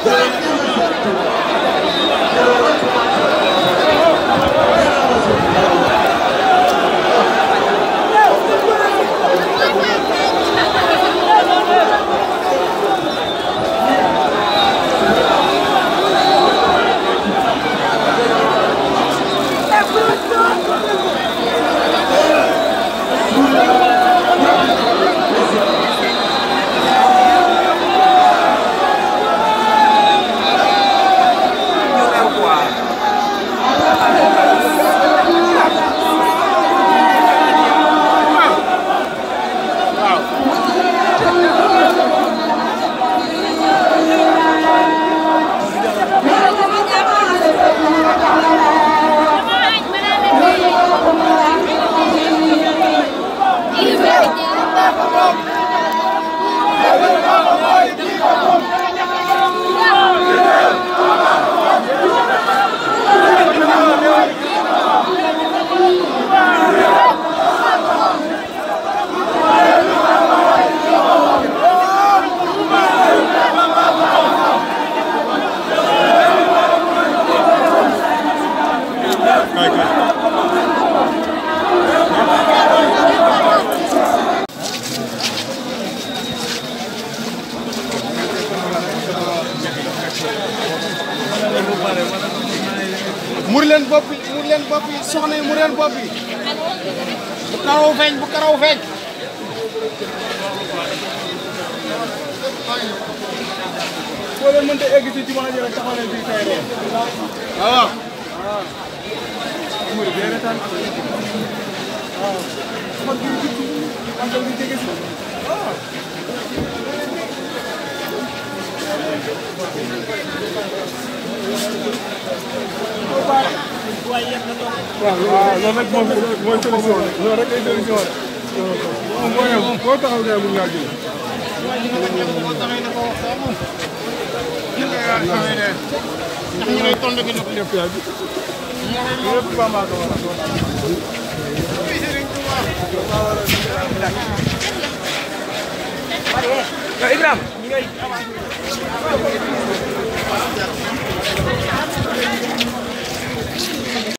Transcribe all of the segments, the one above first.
Thank you. Dikkat! bopp yi soxna yi mu reen bopp yi bu karaw feeñ bu karaw feeñ boo leen mënta egg ci jumaa ji rek taxaw leen fii tey rek waaw amul benn tànk waaw man bi jikku am na lu jege si waaw Thank you. waaw loolu nag moom mooy solution rek loolu rek ay solution rek. moom mooy yow boo taxaw ne mun ngaa jël. ndax ñu lay tontu bi nag lépp yaa bi lépp ba maa ko war a doon. yow Ibrahima ñu ngay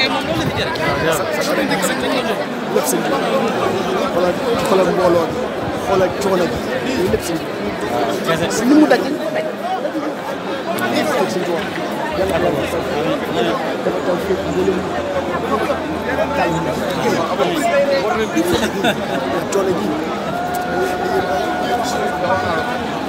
kay moom loolu la fi jëlee. Ah, lépp sëñ bi xoolal xoolal mbooloo bi xoolal coono bi yooyu lépp sëñ bi. waaw ni mu daj daj. yàlla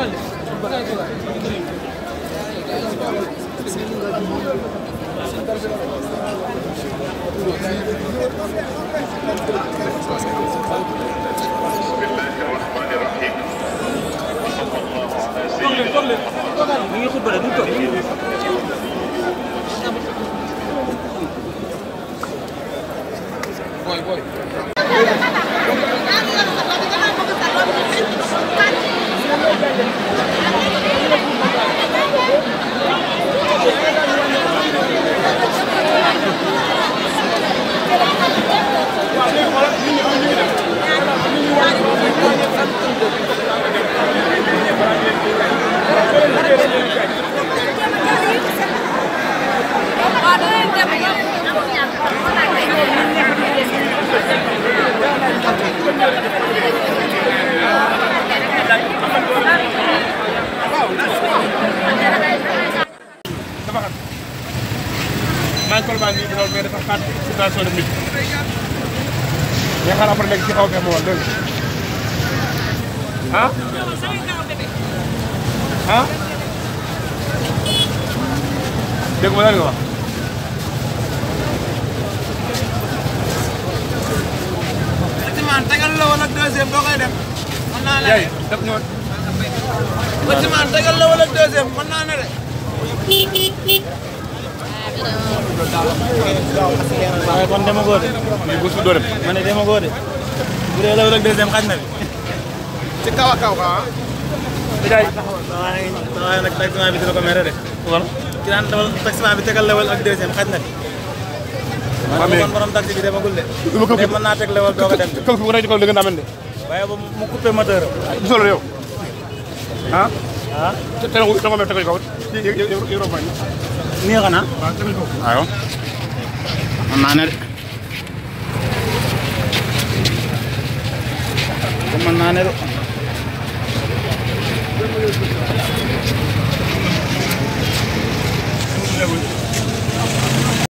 toog leen toog leen xaat situation de métti mais xaar après léegi ci xaw ma woon dégg nga ah. ah dégg nga lan la woon ak deuxième doo koy def. la woon ak deuxième mën de. waaye kon dama góode. lii bu su dóorem. ma ne dama xaj na ci kaw a kaw kaw ah. bi dina ko mere de. wala. ki daan dawal taximan bi tegal lewal ak deuxième xaj na bi. ma ne kon borom taxi bi demagul de. mais mën naa teg lewal doog a dem de. kaw fi mu rajo kaw dëgg naa mel de. waaye ba mu coupé moteur am. gisoo loolu yow. ah. ah. te te te nga ko mer tegal kaw it. yë yë yë nii xanaa waaw mën naa ne de mën